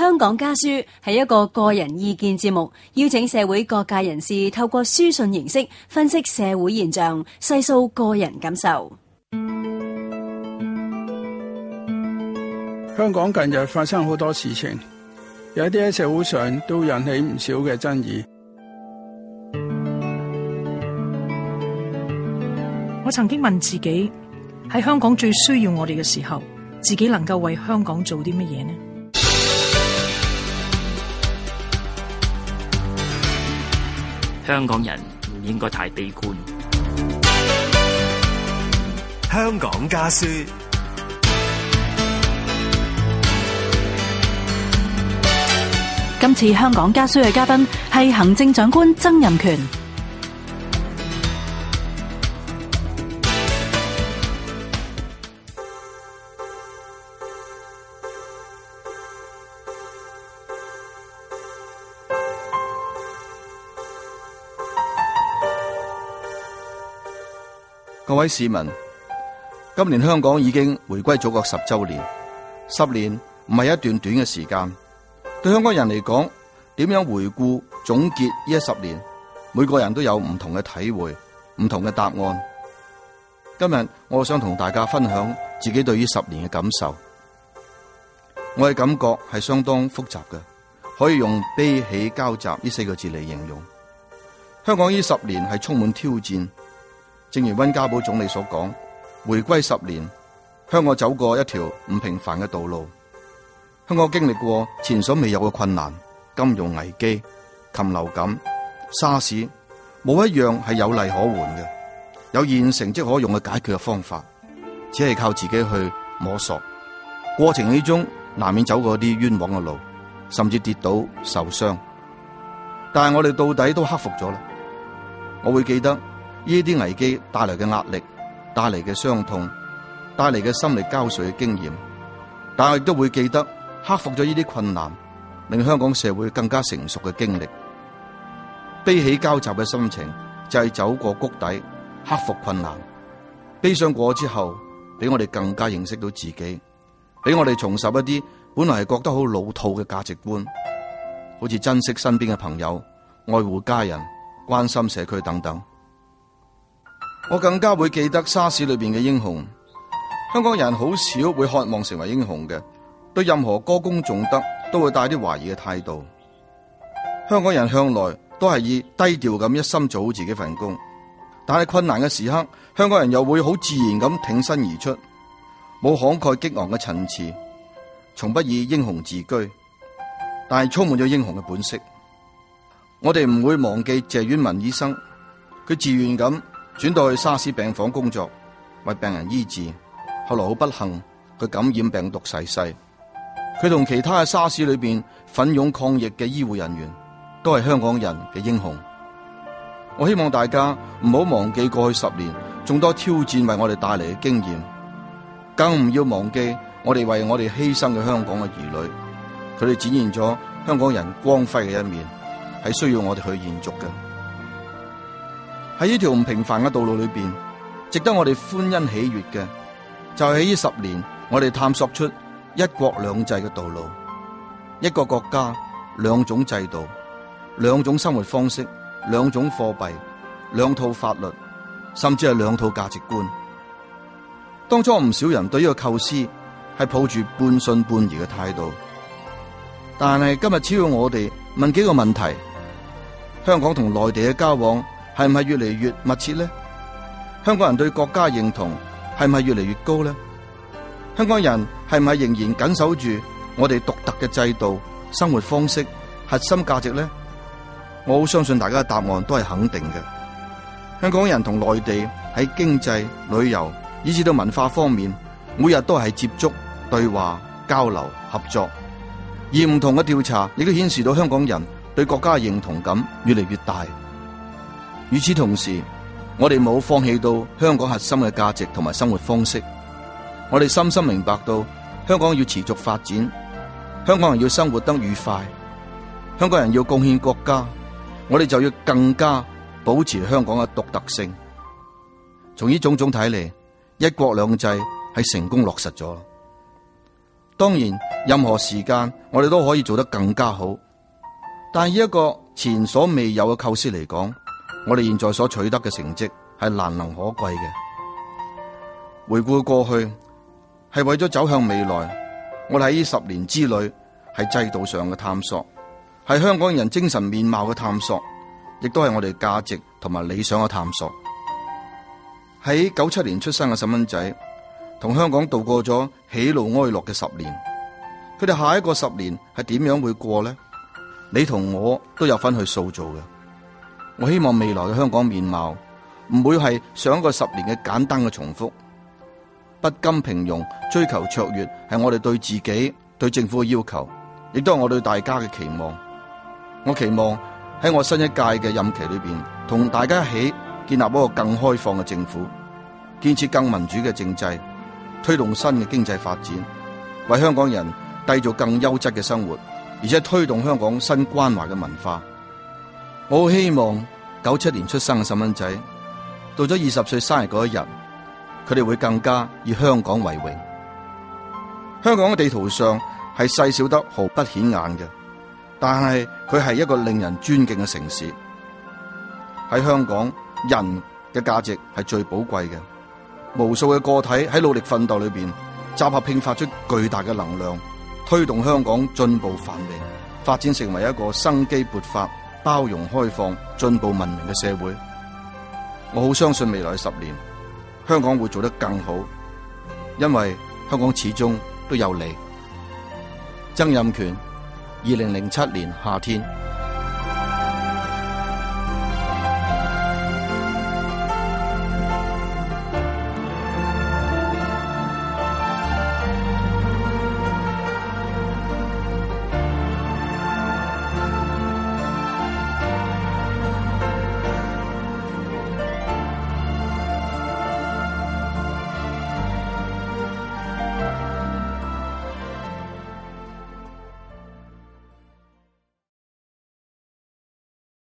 香港家書係一個個人意見節目，邀請社會各界人士透過書信形式分析社會現象，細數個人感受。香港近日發生好多事情，有啲喺社會上都引起唔少嘅爭議。我曾經問自己，喺香港最需要我哋嘅時候，自己能夠為香港做啲乜嘢呢？香港人唔應該太悲觀。香港家書， 今次香港家書嘅嘉賓係行政長官曾蔭權。各位市民，今年香港已經回歸祖國十周年，十年唔係一段短嘅時間。對香港人嚟講，點樣回顧總結呢一十年，每個人都有唔同嘅體會、唔同嘅答案。今日我想同大家分享自己對於十年嘅感受。我嘅感覺係相當複雜嘅，可以用悲喜交集呢四個字嚟形容。香港呢十年係充滿挑戰。正如溫家寶總理所講，回歸十年，香港走過一條唔平凡嘅道路。香港經歷過前所未有嘅困難，金融危機、禽流感、沙士，冇一樣係有例可援嘅，有現成即可用嘅解決嘅方法，只係靠自己去摸索。過程之中，難免走過啲冤枉嘅路，甚至跌倒受傷。但係我哋到底都克服咗啦。我會記得。呢啲危機帶來嘅壓力，帶來嘅傷痛，帶來嘅心力交瘁嘅經驗，但係亦都會記得克服咗呢啲困難，令香港社會更加成熟嘅經歷。悲喜交集嘅心情就係、是、走過谷底，克服困難。悲傷過之後，俾我哋更加認識到自己，俾我哋重拾一啲本來係覺得好老套嘅價值觀，好似珍惜身邊嘅朋友、愛護家人、關心社區等等。我更加會記得沙士裏邊嘅英雄。香港人好少會渴望成為英雄嘅，對任何歌功頌德都會帶啲懷疑嘅態度。香港人向來都係以低調咁一心做好自己份工，但係困難嘅時刻，香港人又會好自然咁挺身而出，冇慷慨激昂嘅陳詞，從不以英雄自居，但係充滿咗英雄嘅本色。我哋唔會忘記謝婉文醫生，佢自願咁。轉到去沙士病房工作，為病人醫治。後來好不幸，佢感染病毒逝世。佢同其他喺沙士裏邊奮勇抗疫嘅醫護人員，都係香港人嘅英雄。我希望大家唔好忘記過去十年眾多挑戰為我哋帶嚟嘅經驗，更唔要忘記我哋為我哋犧牲嘅香港嘅兒女。佢哋展現咗香港人光輝嘅一面，係需要我哋去延續嘅。喺呢條唔平凡嘅道路裏邊，值得我哋歡欣喜悅嘅，就係喺呢十年，我哋探索出一國兩制嘅道路，一個國家，兩種制度，兩種生活方式，兩種貨幣，兩套法律，甚至係兩套價值觀。當初唔少人對呢個構思係抱住半信半疑嘅態度，但係今日只要我哋問幾個問題，香港同內地嘅交往。係唔係越嚟越密切呢？香港人對國家認同係唔係越嚟越高呢？香港人係唔係仍然緊守住我哋獨特嘅制度、生活方式、核心價值呢？我好相信大家嘅答案都係肯定嘅。香港人同內地喺經濟、旅遊，以至到文化方面，每日都係接觸、對話、交流、合作。而唔同嘅調查亦都顯示到香港人對國家嘅認同感越嚟越大。與此同時，我哋冇放棄到香港核心嘅價值同埋生活方式。我哋深深明白到香港要持續發展，香港人要生活得愉快，香港人要貢獻國家，我哋就要更加保持香港嘅獨特性。從呢種種睇嚟，一國兩制係成功落實咗。當然，任何時間我哋都可以做得更加好，但以一個前所未有嘅構思嚟講。我哋現在所取得嘅成績係難能可貴嘅。回顧過去，係為咗走向未來。我哋喺十年之內，係制度上嘅探索，係香港人精神面貌嘅探索，亦都係我哋價值同埋理想嘅探索。喺九七年出生嘅細蚊仔，同香港度過咗喜怒哀樂嘅十年。佢哋下一個十年係點樣會過呢？你同我都有份去塑造嘅。我希望未來嘅香港面貌唔會係上一個十年嘅簡單嘅重複，不甘平庸、追求卓越，係我哋對自己、對政府嘅要求，亦都係我對大家嘅期望。我期望喺我新一屆嘅任期裏面，同大家一起建立一個更開放嘅政府，建設更民主嘅政制，推動新嘅經濟發展，為香港人締造更優質嘅生活，而且推動香港新關懷嘅文化。我好希望九七年出生嘅細蚊仔，到咗二十歲生日嗰一日，佢哋會更加以香港為榮。香港嘅地圖上係細小得毫不顯眼嘅，但係佢係一個令人尊敬嘅城市。喺香港，人嘅價值係最寶貴嘅。無數嘅個體喺努力奮鬥裏邊，集合拼發出巨大嘅能量，推動香港進步繁榮，發展成為一個生機勃發。包容、開放、進步、文明嘅社會，我好相信未來十年，香港會做得更好，因為香港始終都有你。曾蔭權，二零零七年夏天。